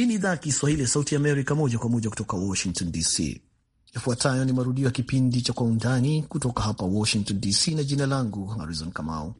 Hii ni idhaa ya Kiswahili ya Sauti Amerika, moja kwa moja kutoka Washington DC. Yafuatayo ni marudio ya kipindi cha Kwa Undani kutoka hapa Washington DC, na jina langu Harizon Kamau.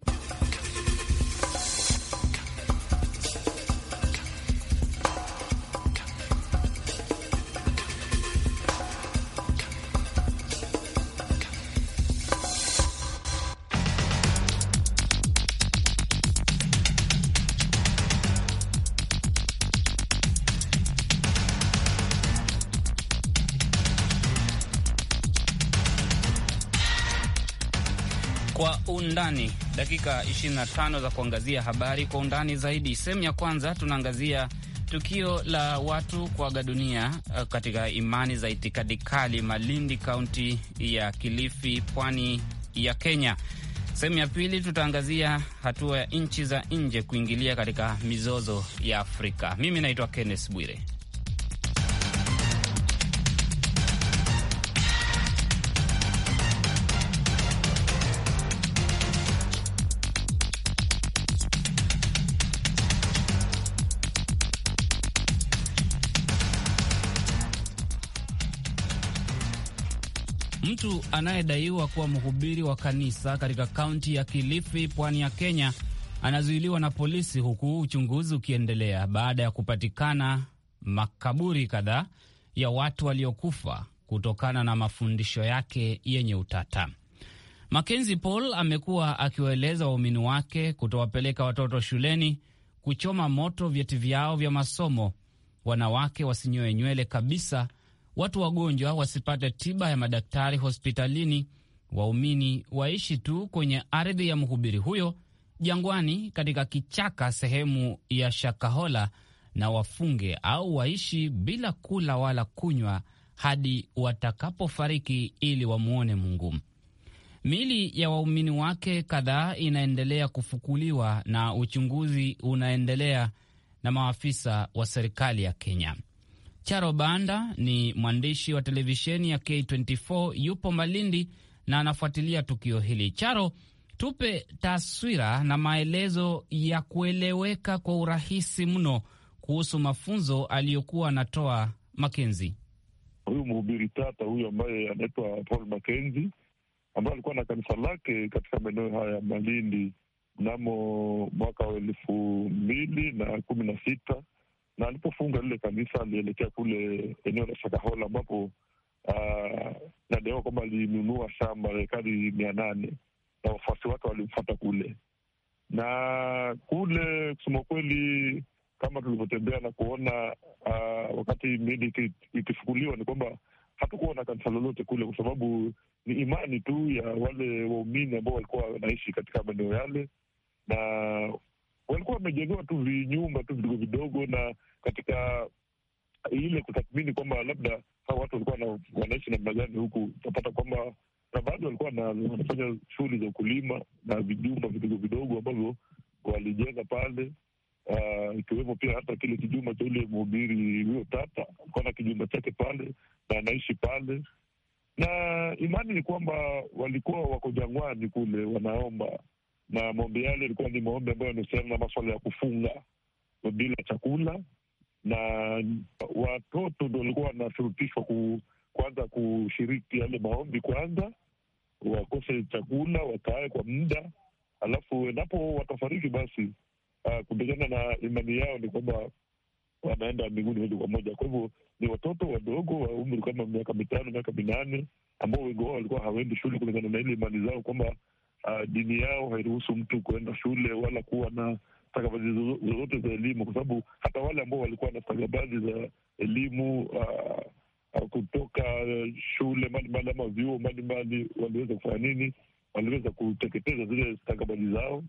Undani, dakika 25 za kuangazia habari kwa undani zaidi. Sehemu ya kwanza tunaangazia tukio la watu kuaga dunia eh, katika imani za itikadi kali Malindi, kaunti ya Kilifi, pwani ya Kenya. Sehemu ya pili tutaangazia hatua ya nchi za nje kuingilia katika mizozo ya Afrika. Mimi naitwa Kenneth Bwire. Mtu anayedaiwa kuwa mhubiri wa kanisa katika kaunti ya Kilifi, pwani ya Kenya, anazuiliwa na polisi huku uchunguzi ukiendelea baada ya kupatikana makaburi kadhaa ya watu waliokufa kutokana na mafundisho yake yenye utata. Mackenzie Paul amekuwa akiwaeleza waumini wake kutowapeleka watoto shuleni, kuchoma moto vyeti vyao vya masomo, wanawake wasinyoe nywele kabisa watu wagonjwa wasipate tiba ya madaktari hospitalini, waumini waishi tu kwenye ardhi ya mhubiri huyo jangwani, katika kichaka sehemu ya Shakahola, na wafunge au waishi bila kula wala kunywa hadi watakapofariki ili wamwone Mungu. Miili ya waumini wake kadhaa inaendelea kufukuliwa na uchunguzi unaendelea na maafisa wa serikali ya Kenya. Charo Banda ni mwandishi wa televisheni ya K24, yupo Malindi na anafuatilia tukio hili. Charo, tupe taswira na maelezo ya kueleweka kwa urahisi mno kuhusu mafunzo aliyokuwa anatoa Makenzi. Huyu mhubiri tata huyu ambaye anaitwa Paul Makenzi, ambaye alikuwa na kanisa lake katika maeneo haya ya Malindi mnamo mwaka wa elfu mbili na kumi na sita na alipofunga lile kanisa alielekea kule eneo la Shakahola ambapo ah, nadaiwa kwamba alinunua shamba la ekari mia nane na wafuasi wake walimfata kule na kule. Kusema kweli, kama tulivyotembea na kuona uh, wakati mili ikifukuliwa, ni kwamba hatukuwa na kanisa lolote kule, kwa sababu ni imani tu ya wale waumini ambao walikuwa wanaishi katika maeneo yale, na walikuwa wamejengewa tu vinyumba tu vidogo vidogo, na katika ile kutathmini kwamba labda hawa watu walikuwa wanaishi namna gani huku, utapata kwamba na baadhi walikuwa wanafanya shughuli za ukulima na vijumba vidogo vidogo ambavyo walijenga pale, ah, ikiwemo uh, pia hata kile kijumba cha ule mhubiri huyo tata alikuwa na kijumba chake pale na anaishi pale, na imani ni kwamba walikuwa wako jangwani kule wanaomba na maombi yale ilikuwa ni maombi ambayo yanahusiana na maswala ya kufunga bila chakula, na watoto ndo walikuwa wanashurutishwa ku, kwanza kushiriki yale maombi kwanza, wakose chakula, wakae kwa muda, alafu endapo watafariki basi, uh, kulingana na imani yao ni kwamba wanaenda mbinguni moja kwa moja. Kwa hivyo ni watoto wadogo wa umri kama miaka mitano, miaka minane, ambao wengi wao walikuwa hawaendi shule kulingana na ile imani zao kwamba uh, dini yao hairuhusu mtu kuenda shule wala kuwa na stakabadhi zozote za elimu, kwa sababu hata wale ambao walikuwa na stakabadhi za elimu uh, uh, kutoka shule mbalimbali ama vyuo mbalimbali waliweza kufanya nini? Waliweza kuteketeza zile stakabadhi zao,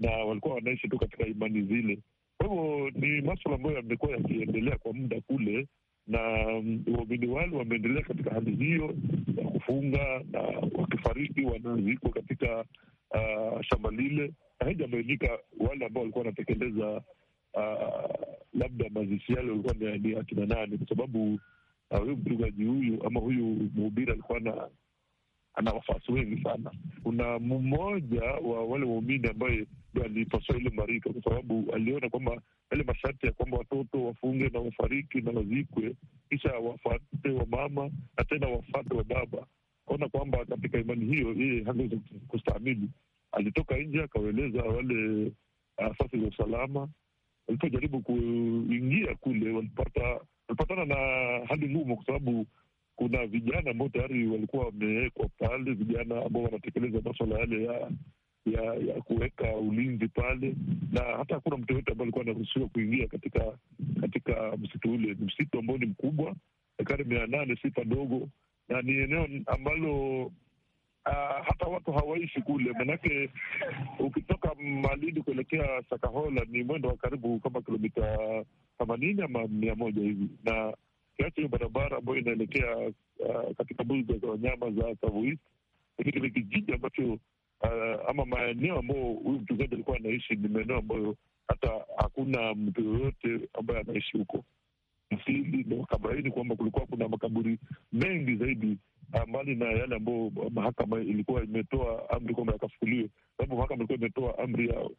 na walikuwa wanaishi tu katika imani zile. Kwa hivyo ni maswala ambayo yamekuwa yakiendelea kwa muda kule, na um, waumini wale wameendelea katika hali hiyo ya kufunga, na wakifariki wanazikwa katika uh, shamba lile, na haijabainika wale ambao walikuwa wanatekeleza uh, labda mazishi yale walikuwa ni akina nani, kwa sababu uh, huyu mchungaji huyu ama huyu mhubiri alikuwa na ana wafuasi wengi sana. Kuna mmoja wa wale waumini ambaye alipaswa ile marika, kwa sababu aliona kwamba yale masharti ya kwamba watoto wafunge na wafariki na wazikwe, kisha wafate wa mama na tena wafate wa baba, kaona kwamba katika imani hiyo yeye hangeweza kustahamili. Alitoka nje akawaeleza wale uh, asasi za usalama. Walipojaribu kuingia kule, walipata walipatana na hali ngumu, kwa sababu kuna vijana ambao tayari walikuwa wamewekwa pale, vijana ambao wanatekeleza maswala yale ya ya, ya kuweka ulinzi pale, na hata hakuna mtu yoyote ambaye alikuwa anaruhusiwa kuingia katika katika msitu ule. Ni msitu ambao ni mkubwa, ekari mia nane si padogo, na ni eneo ambalo Uh, hata watu hawaishi kule, manake ukitoka Malindi kuelekea Sakahola ni mwendo wa karibu kama kilomita themanini ama mia moja hivi, na kiacha hiyo barabara ambayo inaelekea uh, katika mbuga za wanyama za Tsavo East, lakini ni kijiji ambacho uh, ama maeneo ambayo huyu mchungaji alikuwa anaishi ni maeneo ambayo hata hakuna mtu yoyote ambaye anaishi huko msidi na wakabaini kwamba kulikuwa kuna makaburi mengi zaidi, uh, mbali na yale ambayo uh, mahakama ilikuwa imetoa amri kwamba yakafukuliwe, sababu mahakama ilikuwa imetoa amri ya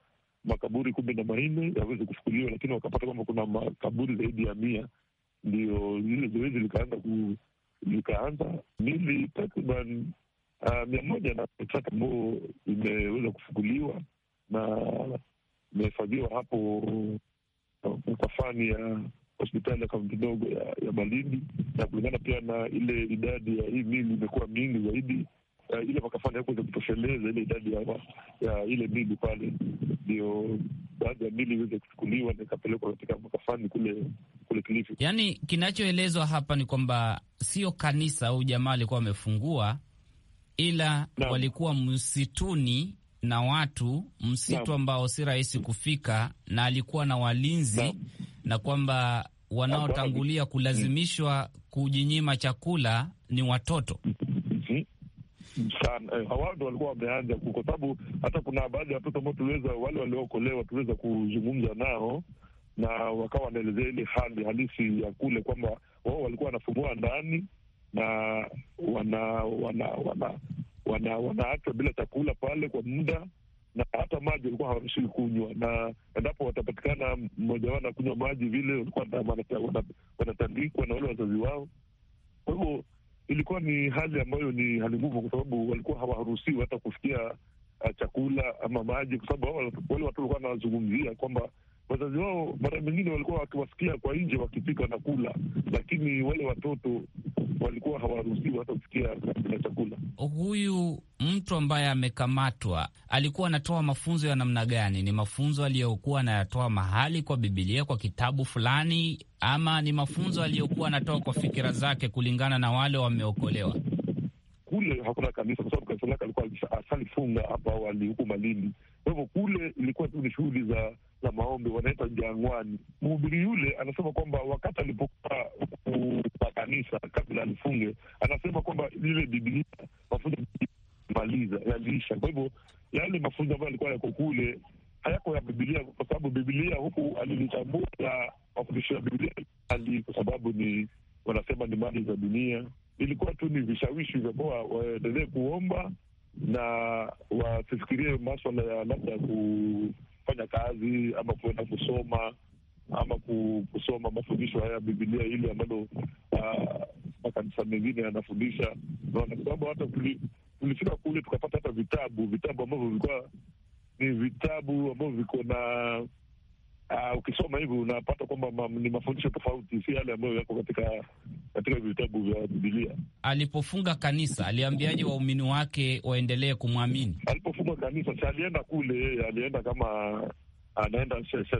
makaburi kumi na manne yaweze kufukuliwa, lakini wakapata kwamba kuna makaburi zaidi ya mia. Ndio lile zoezi likaanza ku likaanza mili takriban Ah, mia moja na tatu ambayo imeweza kufunguliwa na imehifadhiwa hapo uh, fani ya hospitali ya kaunti ndogo ya, ya Malindi, na kulingana pia na ile idadi ya hii mili imekuwa mingi zaidi. Uh, ile makafani yakuweza kutosheleza ile idadi ya, ya ile mili pale, ndio baadhi ya mili iweze kuchukuliwa na ikapelekwa katika makafani kule kule Kilifi. Yani, kinachoelezwa hapa ni kwamba sio kanisa au jamaa alikuwa amefungua ila no. walikuwa msituni na watu msitu ambao si rahisi kufika, na alikuwa na walinzi no. na kwamba wanaotangulia kulazimishwa kujinyima chakula ni watoto mhm. sana eh, hawa ndo walikuwa wameanza, kwa sababu hata kuna baadhi ya watoto ambao tuliweza, wale waliookolewa tuliweza kuzungumza nao na wakawa wanaelezea ile hali halisi ya kule kwamba wao walikuwa wanafungua ndani na wana wana wana bila chakula pale kwa muda, na hata maji walikuwa hawaruhusiwi kunywa, na endapo watapatikana mmoja wao anakunywa maji vile, walikuwa wanatandikwa na wale wazazi wao. Kwa hivyo ilikuwa ni hali ambayo ni hali ngumu, kwa sababu walikuwa hawaruhusiwi hata kufikia ah, chakula ama maji, kwa sababu wale watu walikuwa wanawazungumzia kwamba wazazi wao mara mengine walikuwa wakiwasikia kwa nje wakipika na kula, lakini wale watoto walikuwa hawaruhusiwi hata kufikia na chakula. Huyu mtu ambaye amekamatwa alikuwa anatoa mafunzo ya namna gani? Ni mafunzo aliyokuwa anayatoa mahali kwa Bibilia, kwa kitabu fulani, ama ni mafunzo aliyokuwa anatoa kwa fikira zake kulingana na wale wameokolewa? Kule hakuna kanisa, kwa sababu kanisa lake alikuwa asalifunga hapa awali huku Malindi kwa hivyo kule ilikuwa tu ni shughuli za za maombi, wanaita jangwani. Mhubiri yule anasema kwamba wakati alipokuwa kwa kanisa kabla alifunge, anasema kwamba lile Biblia mafunzo maliza yaliisha. Kwa hivyo yale mafunzo ambayo alikuwa yako kule hayako ya Bibilia kwa sababu Bibilia huku alilitambua mafundisho ya Bibilia ali kwa sababu ni wanasema ni mali za dunia. Ilikuwa tu ni vishawishi vya waendelee kuomba na wasifikirie maswala ya labda kufanya kazi ama kuenda kusoma ama kusoma mafundisho haya ya Bibilia ile ambalo ah, makanisa mengine yanafundisha, naona kwa sababu hata tulifika kule tukapata hata vitabu vitabu ambavyo vilikuwa ni vitabu ambavyo viko na Uh, ukisoma hivi unapata kwamba ma, ni mafundisho tofauti, si yale ambayo yako katika katika vitabu vya Bibilia. Alipofunga kanisa aliambiaje waumini wake waendelee kumwamini? Alipofunga kanisa, si alienda kule, alienda kama anaenda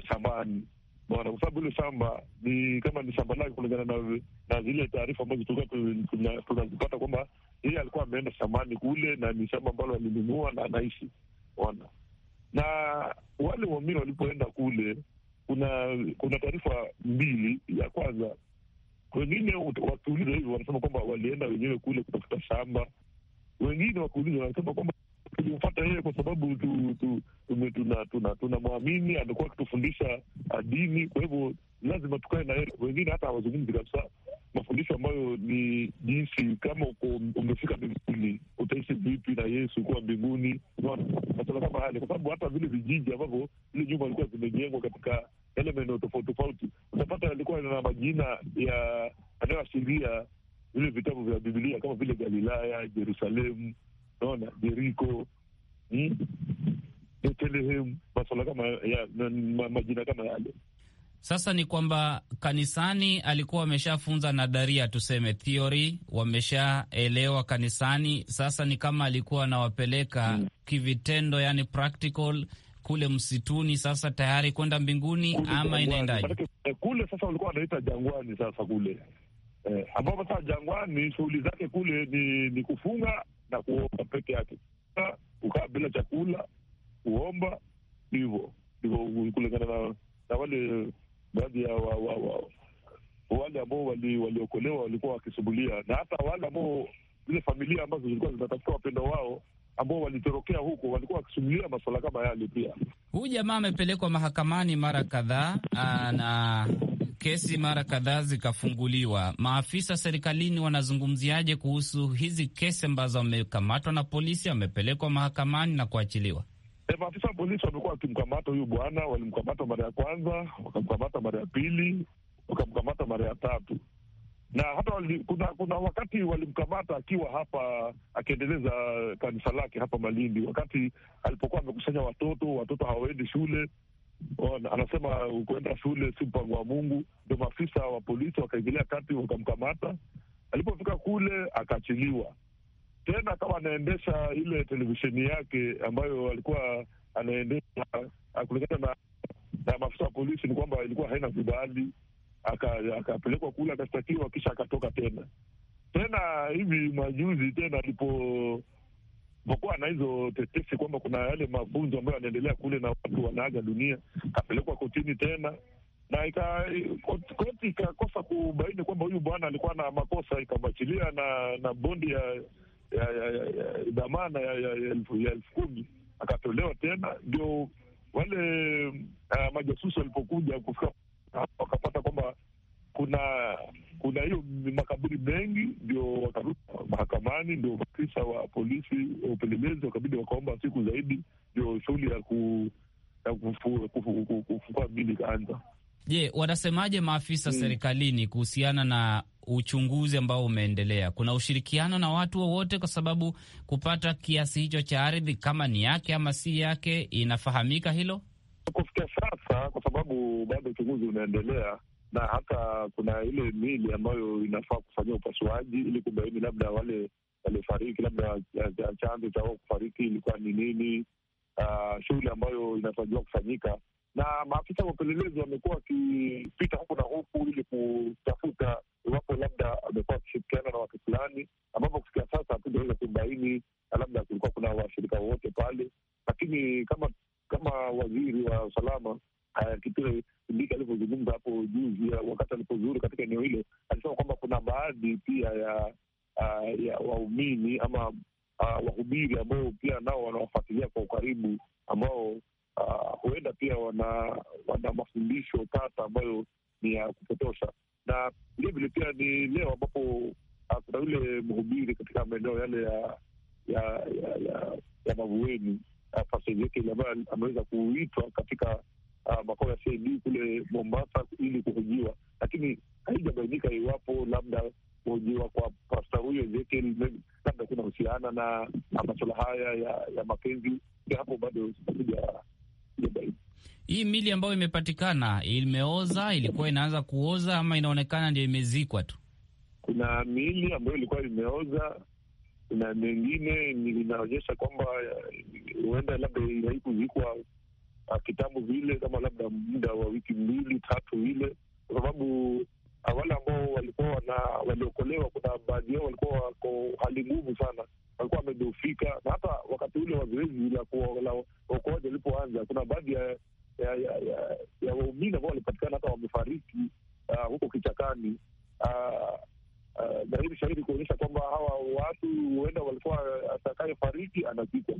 shambani bwana, kwa sababu ile shamba ni kama ni shamba lake kulingana na, na zile taarifa ambazo tulikuwa tunazipata kwamba yeye alikuwa ameenda shambani kule, na ni shamba ambalo alinunua na anaishi ona, na wale waumini walipoenda kule kuna kuna taarifa mbili. Ya kwanza, wengine wakiuliza hivyo wanasema kwamba walienda wenyewe kule kutafuta shamba, wengine wakiuliza wanasema kwamba tulimfata yeye kwa sababu tu, tu, tuna, tuna, tuna mwamini amekuwa akitufundisha dini, kwa hivyo lazima tukae na yeye. Wengine hata hawazungumzi kabisa mafundisho ambayo ni jinsi kama uko umefika mbinguni utaishi vipi na Yesu kuwa mbinguni, masala kama yale, kwa sababu hata vile vijiji ambavyo vile nyumba ilikuwa zimejengwa katika yale maeneo tofauti tofauti, utapata alikuwa na majina ya anayoashiria vile vitabu vya Bibilia kama vile Galilaya, Jerusalemu, naona Jeriko, hmm? Betlehemu, masala kama majina kama yale. Sasa ni kwamba kanisani alikuwa ameshafunza nadharia, tuseme theory, wameshaelewa kanisani. Sasa ni kama alikuwa anawapeleka hmm. kivitendo, yani practical kule msituni, sasa tayari kwenda mbinguni kule, ama inaendaje eh, kule? Sasa walikuwa wanaita jangwani, sasa kule eh, ambapo sasa jangwani shughuli zake kule ni, ni kufunga na kuomba peke yake, kukaa bila chakula, kuomba, hivyo ndivyo kulingana na wale baadhi ya wa, wa, wa, wale ambao waliokolewa wali walikuwa wakisubulia, na hata wale ambao zile familia ambazo zilikuwa zinatafuta wapendo wao ambao walitorokea huko walikuwa wakisubulia masuala kama yale. Pia huyu jamaa amepelekwa mahakamani mara kadhaa ah, na kesi mara kadhaa zikafunguliwa. Maafisa serikalini wanazungumziaje kuhusu hizi kesi ambazo wamekamatwa na polisi, wamepelekwa mahakamani na kuachiliwa? E, maafisa wa polisi wamekuwa wakimkamata huyu bwana. Walimkamata mara ya kwanza, wakamkamata mara ya pili, wakamkamata mara ya tatu, na hata wali, kuna, kuna wakati walimkamata akiwa hapa akiendeleza kanisa lake hapa Malindi, wakati alipokuwa amekusanya watoto, watoto hawaendi shule oh, anasema kuenda shule si mpango wa Mungu. Ndio maafisa wa polisi wakaingilia kati, wakamkamata. Alipofika kule akaachiliwa tena kama anaendesha ile televisheni yake ambayo alikuwa anaendesha ah, kulingana na, na maafisa wa polisi, ni kwamba ilikuwa haina vibali, akapelekwa aka kule akashtakiwa, kisha akatoka tena tena hivi majuzi tena alipo pokuwa na hizo tetesi kwamba kuna yale mafunzo ambayo yanaendelea kule na watu wanaaga dunia, akapelekwa kotini tena na koti ikakosa kubaini kwamba huyu bwana alikuwa na makosa, ikamwachilia na na bondi ya dhamana ya, ya, ya, ya, ya elfu ya elfu kumi akatolewa tena, ndio wale uh, majasusi walipokuja kufika wakapata kwamba kuna kuna hiyo makaburi mengi, ndio wakarudi mahakamani, ndio maafisa wa polisi wa upelelezi wakabidi wakaomba siku zaidi, ndio shughuli ya kufukua mili ikaanza. Je, wanasemaje maafisa hmm, serikalini kuhusiana na uchunguzi ambao umeendelea? Kuna ushirikiano na watu wowote wa, kwa sababu kupata kiasi hicho cha ardhi kama ni yake ama si yake, inafahamika hilo kufikia sasa, kwa sababu bado uchunguzi unaendelea na hata kuna ile mili ambayo inafaa kufanyia upasuaji ili kubaini labda wale waliofariki, labda chanzo cha kufariki ilikuwa ni nini, uh, shughuli ambayo inatarajiwa kufanyika na maafisa wa upelelezi wamekuwa wakipita huku na huku ili kutafuta inapatikana? imeoza, ilikuwa inaanza kuoza ama inaonekana ndio imezikwa tu? Kuna miili ambayo ilikuwa imeoza na mengine inaonyesha kwamba eh, huenda labda haikuzikwa ah, kitambo vile, kama labda muda wa wiki mbili tatu vile, kwa sababu wale ambao walikuwa wana waliokolewa, kuna baadhi yao walikuwa wako hali ngumu sana, walikuwa wamedhofika, na hata wakati ule wa zoezi la uokoaji walipoanza, kuna baadhi ya ya, ya, ya, ya waumini ambao walipatikana hata wamefariki uh, huko kichakani uh, uh, shahidi kuonyesha kwamba hawa watu huenda walikuwa uh, atakayefariki anazika.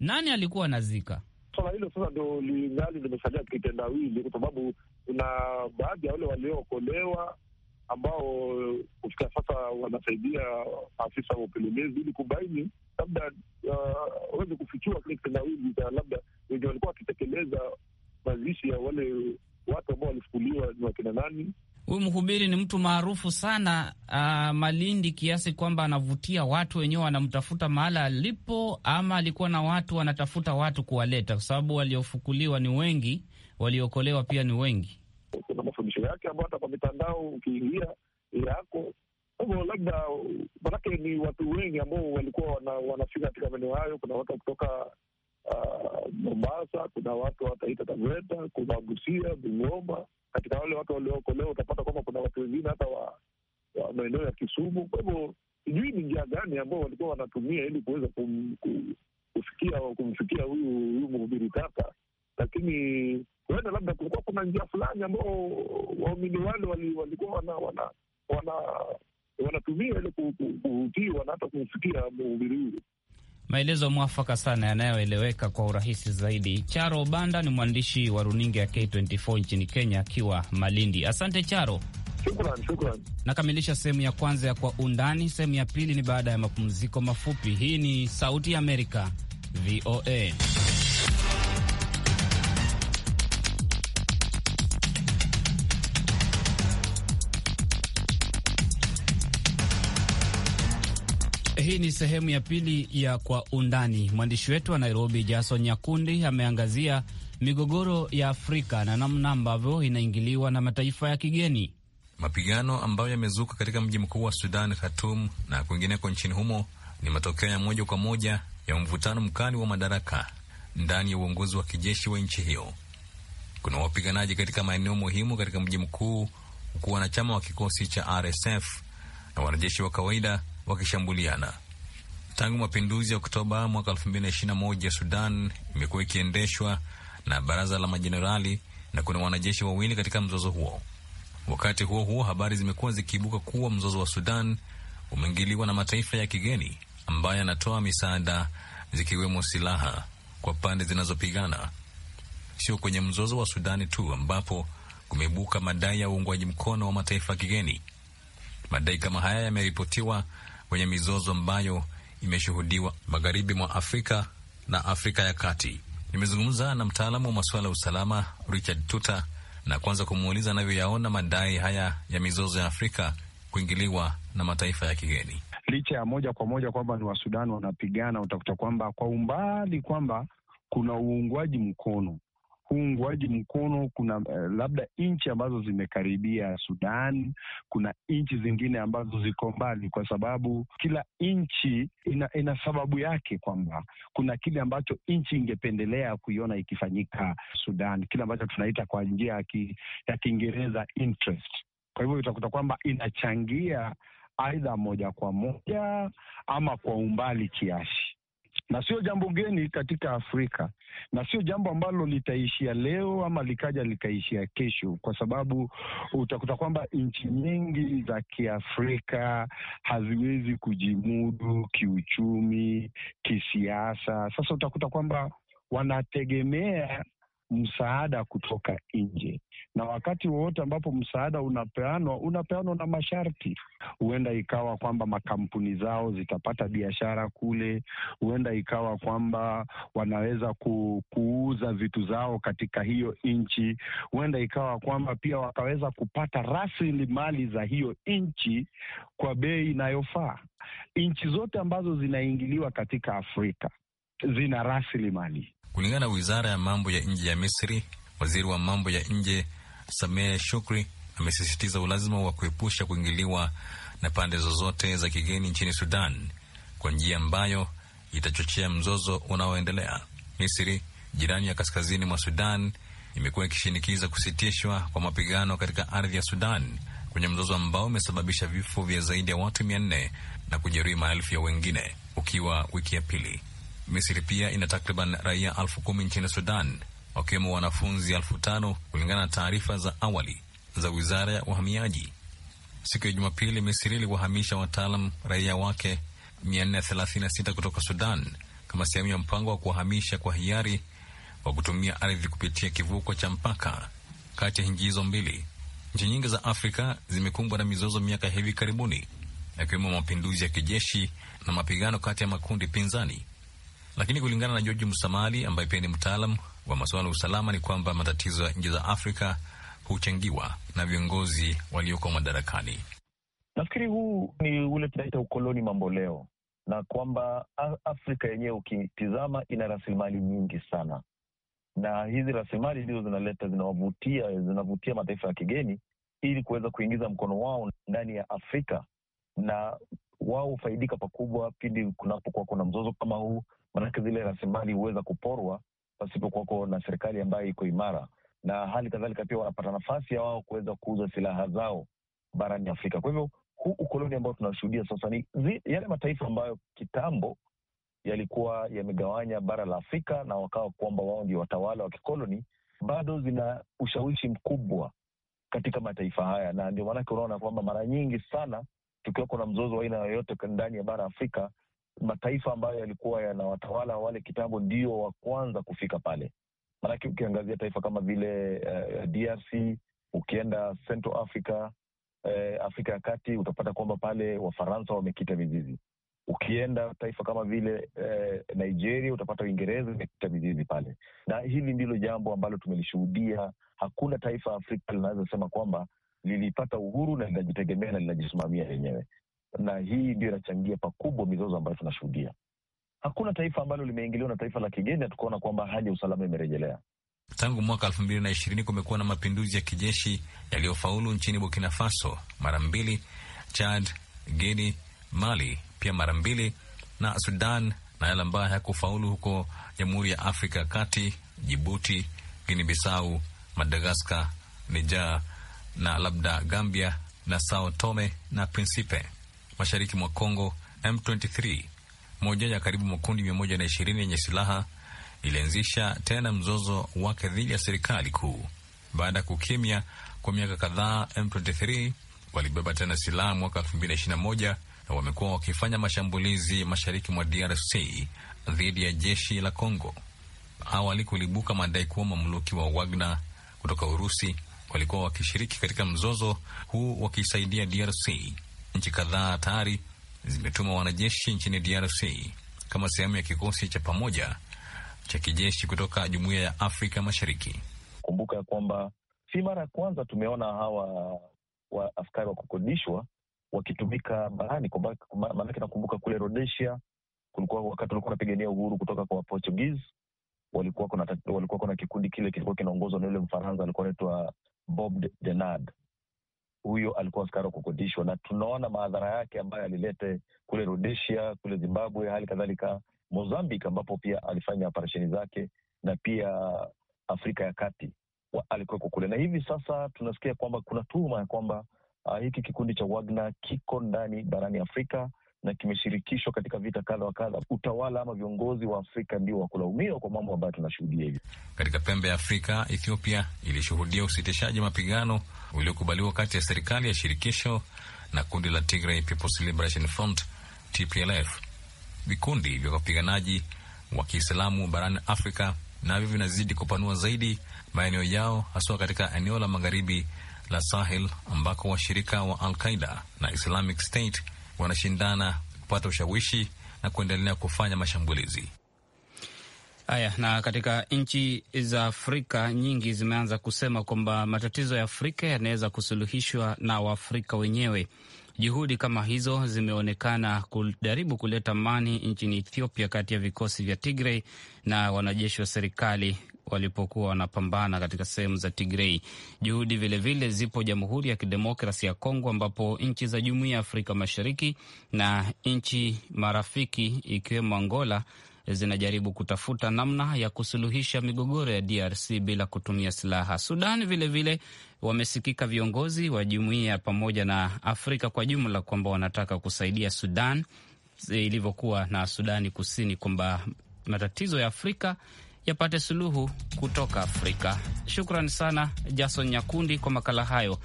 Nani alikuwa anazika? Swala hilo sasa ndo lingali limesalia kitendawili, kwa sababu kuna baadhi ya wale waliookolewa ambao kufika sasa wanasaidia afisa wa upelelezi ili kubaini labda, uh, kufichua kile kitendawili cha labda maandishi ya wale watu ambao walifukuliwa ni wakina nani. Huyu mhubiri ni mtu maarufu sana uh, Malindi, kiasi kwamba anavutia watu wenyewe, wanamtafuta mahala alipo, ama alikuwa na watu wanatafuta watu kuwaleta, kwa sababu waliofukuliwa ni wengi, waliokolewa pia ni wengi. Kuna mafundisho yake ambayo hata kwa mitandao ukiingia yako hivyo, labda manake ni watu wengi ambao walikuwa wanafika katika maeneo hayo. Kuna watu kutoka Uh, Mombasa, kuna watu wataita Taveta, kuna Busia, Bungoma. Katika wale watu waliookolewa utapata kwamba kuna watu wengine hata wa, wa maeneo ya Kisumu. Kwa hivyo sijui ni njia gani ambao walikuwa wanatumia ili kuweza kum, kum, kufikia kumfikia huyu huyu mhubiri tata, lakini huenda labda kulikuwa kuna njia fulani ambao waumini wale walikuwa wana wana wana wanatumia ili kuhutii na hata kumfikia mhubiri huyu maelezo mwafaka sana yanayoeleweka kwa urahisi zaidi. Charo Banda ni mwandishi wa runinga ya K24 nchini Kenya, akiwa Malindi. Asante Charo. Shukran, shukran. Nakamilisha sehemu ya kwanza ya Kwa Undani. Sehemu ya pili ni baada ya mapumziko mafupi. Hii ni Sauti ya Amerika, VOA. Hii ni sehemu ya pili ya Kwa Undani. Mwandishi wetu wa Nairobi, Jason Nyakundi, ameangazia migogoro ya Afrika na namna ambavyo inaingiliwa na mataifa ya kigeni. Mapigano ambayo yamezuka katika mji mkuu wa Sudan, Khartoum, na kwingineko nchini humo ni matokeo ya moja kwa moja ya mvutano mkali wa madaraka ndani ya uongozi wa kijeshi wa nchi hiyo. Kuna wapiganaji katika maeneo muhimu katika mji mkuu, huku wanachama wa kikosi cha RSF na wanajeshi wa kawaida wakishambuliana. Tangu mapinduzi ya Oktoba mwaka 2021 Sudan imekuwa ikiendeshwa na baraza la majenerali na kuna wanajeshi wawili katika mzozo huo. Wakati huo huo, habari zimekuwa zikiibuka kuwa mzozo wa Sudan umeingiliwa na mataifa ya kigeni ambayo yanatoa misaada, zikiwemo silaha kwa pande zinazopigana. Sio kwenye mzozo wa Sudani tu ambapo kumeibuka madai ya uungwaji mkono wa mataifa ya kigeni. Madai kama haya yameripotiwa kwenye mizozo ambayo imeshuhudiwa magharibi mwa Afrika na Afrika ya Kati. Nimezungumza na mtaalamu wa masuala ya usalama Richard Tuta na kwanza kumuuliza anavyoyaona madai haya ya mizozo ya Afrika kuingiliwa na mataifa ya kigeni, licha ya moja kwa moja kwamba ni Wasudani wanapigana, utakuta kwamba kwa umbali kwamba kuna uungwaji mkono uungwaji mkono. Kuna uh, labda nchi ambazo zimekaribia Sudan, kuna nchi zingine ambazo ziko mbali, kwa sababu kila nchi ina, ina sababu yake, kwamba kuna kile ambacho nchi ingependelea kuiona ikifanyika Sudan, kile ambacho tunaita kwa njia ya Kiingereza interest. Kwa hivyo utakuta kwamba inachangia aidha moja kwa moja ama kwa umbali kiasi na sio jambo geni katika Afrika na sio jambo ambalo litaishia leo ama likaja likaishia kesho, kwa sababu utakuta kwamba nchi nyingi za Kiafrika haziwezi kujimudu kiuchumi, kisiasa. Sasa utakuta kwamba wanategemea msaada kutoka nje, na wakati wowote ambapo msaada unapeanwa unapeanwa na masharti. Huenda ikawa kwamba makampuni zao zitapata biashara kule, huenda ikawa kwamba wanaweza ku, kuuza vitu zao katika hiyo nchi, huenda ikawa kwamba pia wakaweza kupata rasilimali za hiyo nchi kwa bei inayofaa. Nchi zote ambazo zinaingiliwa katika Afrika zina rasilimali. Kulingana na wizara ya mambo ya nje ya Misri, waziri wa mambo ya nje Sameh Shukri amesisitiza ulazima wa kuepusha kuingiliwa na pande zozote za kigeni nchini Sudan kwa njia ambayo itachochea mzozo unaoendelea. Misri, jirani ya kaskazini mwa Sudan, imekuwa ikishinikiza kusitishwa kwa mapigano katika ardhi ya Sudan kwenye mzozo ambao umesababisha vifo vya zaidi ya watu mia nne na kujeruhi maelfu ya wengine ukiwa wiki ya pili. Misri pia ina takriban raia elfu kumi nchini Sudan, wakiwemo wanafunzi elfu tano kulingana na taarifa za awali za wizara ya uhamiaji. Siku ya Jumapili, Misri iliwahamisha wataalam raia wake 436 kutoka Sudan kama sehemu ya mpango wa kuwahamisha kwa hiari wa kutumia ardhi kupitia kivuko cha mpaka kati ya nchi hizo mbili. Nchi nyingi za Afrika zimekumbwa na mizozo miaka hivi karibuni, yakiwemo mapinduzi ya kijeshi na mapigano kati ya makundi pinzani. Lakini kulingana na George Musamali ambaye pia ni mtaalam wa masuala ya usalama, ni kwamba matatizo ya nchi za Afrika huchangiwa na viongozi walioko madarakani. Nafikiri huu ni ule tunaita ukoloni mambo leo, na kwamba Afrika yenyewe ukitizama ina rasilimali nyingi sana, na hizi rasilimali ndizo zinaleta zinawavutia, zinavutia mataifa ya kigeni ili kuweza kuingiza mkono wao ndani ya Afrika na wao hufaidika pakubwa pindi kunapokuwa kuna mzozo kama huu, maanake zile rasilimali huweza kuporwa pasipokuwako na serikali ambayo iko imara, na hali kadhalika pia wanapata nafasi ya wao kuweza kuuza silaha zao barani Afrika. Kwa hivyo huu ukoloni ambao tunashuhudia sasa ni yale mataifa ambayo kitambo yalikuwa yamegawanya bara la Afrika na wakawa kwamba wao ndio watawala wa kikoloni, bado zina ushawishi mkubwa katika mataifa haya, na ndio maanake unaona kwamba mara nyingi sana tukiwa kuna mzozo wa aina yoyote ndani ya bara Afrika, mataifa ambayo yalikuwa yanawatawala wale kitambo ndio wa kwanza kufika pale. Maanake ukiangazia taifa kama vile uh, eh, DRC, ukienda Central Africa, uh, Afrika ya Kati, utapata kwamba pale Wafaransa wamekita mizizi. Ukienda taifa kama vile uh, Nigeria, utapata Uingereza imekita mizizi pale, na hili ndilo jambo ambalo tumelishuhudia. Hakuna taifa Afrika linaweza sema kwamba lilipata uhuru na linajitegemea na linajisimamia lenyewe, na hii ndio inachangia pakubwa mizozo ambayo tunashuhudia. Hakuna taifa ambalo limeingiliwa na taifa la kigeni na tukaona kwamba hali ya usalama imerejelea. Tangu mwaka elfu mbili na ishirini kumekuwa na mapinduzi ya kijeshi yaliyofaulu nchini Burkina Faso mara mbili, Chad, Guini, Mali pia mara mbili, na Sudan na yale ambayo hayakufaulu huko Jamhuri ya Afrika ya Kati, Jibuti, Guini Bisau, Madagaskar, Nijaa na labda Gambia na Sao Tome na Principe. Mashariki mwa Congo, M23, moja ya karibu makundi mia moja na ishirini yenye silaha ilianzisha tena mzozo wake dhidi ya serikali kuu baada ya kukimya kwa miaka kadhaa. M23 walibeba tena silaha mwaka 2021 na wamekuwa wakifanya mashambulizi mashariki mwa DRC dhidi ya jeshi la Congo. Awali kulibuka madai kuwa mamluki wa Wagner kutoka Urusi walikuwa wakishiriki katika mzozo huu wakisaidia DRC. Nchi kadhaa tayari zimetuma wanajeshi nchini DRC kama sehemu ya kikosi cha pamoja cha kijeshi kutoka Jumuiya ya Afrika Mashariki. Kumbuka ya kwamba si mara ya kwanza tumeona hawa askari wa kukodishwa wakitumika barani, maanake nakumbuka kule Rhodesia kulikuwa wakati ulikuwa unapigania uhuru kutoka kwa Portuguese walikuwa kuna, walikuwa kuna kikundi kile kilikuwa kinaongozwa na yule Mfaransa alikuwa anaitwa Bob Denard. Huyo alikuwa askari wa kukodishwa, na tunaona maadhara yake ambayo alilete kule Rhodesia, kule Zimbabwe, hali kadhalika Mozambique, ambapo pia alifanya operesheni zake na pia Afrika ya Kati alikuweko kule, na hivi sasa tunasikia kwamba kuna tuhuma ya kwamba uh, hiki kikundi cha Wagner kiko ndani barani Afrika na kimeshirikishwa katika vita kadha wa kadha, utawala ama viongozi wa Afrika ndio wa kulaumiwa kwa mambo ambayo tunashuhudia hivi. Katika pembe ya Afrika, Ethiopia ilishuhudia usitishaji mapigano uliokubaliwa kati ya serikali ya shirikisho na kundi la Tigray People's Liberation Front TPLF. Vikundi vya wapiganaji wa Kiislamu barani Afrika navyo vinazidi kupanua zaidi maeneo yao haswa katika eneo la magharibi la Sahel ambako washirika wa, wa Al Qaida na Islamic State wanashindana kupata ushawishi na kuendelea kufanya mashambulizi haya. Na katika nchi za Afrika nyingi zimeanza kusema kwamba matatizo ya Afrika yanaweza kusuluhishwa na Waafrika wenyewe. Juhudi kama hizo zimeonekana kujaribu kuleta amani nchini Ethiopia kati ya vikosi vya Tigray na wanajeshi wa serikali walipokuwa wanapambana katika sehemu za Tigrei. Juhudi vilevile vile zipo Jamhuri ya Kidemokrasi ya Kongo, ambapo nchi za Jumuiya ya Afrika Mashariki na nchi marafiki ikiwemo Angola zinajaribu kutafuta namna ya kusuluhisha migogoro ya DRC bila kutumia silaha. Sudan vilevile vile, wamesikika viongozi wa jumuiya pamoja na Afrika kwa jumla kwamba wanataka kusaidia Sudan eh, ilivyokuwa na Sudani Kusini, kwamba matatizo ya Afrika yapate suluhu kutoka Afrika. Shukran sana Jason Nyakundi kwa makala hayo.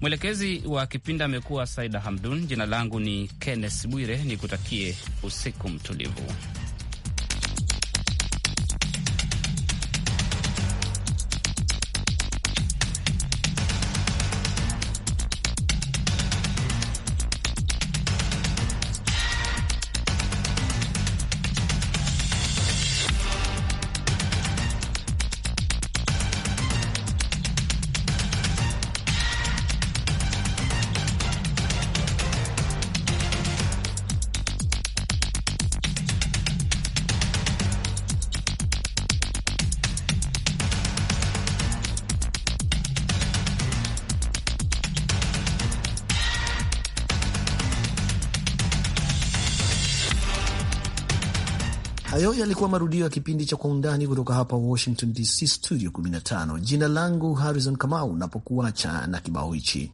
Mwelekezi wa kipindi amekuwa Saida Hamdun. Jina langu ni Kenneth Bwire, nikutakie usiku mtulivu. Hayo yalikuwa marudio ya kipindi cha Kwa Undani kutoka hapa Washington DC, studio 15. Jina langu Harrison Kamau, napokuacha na kibao hichi.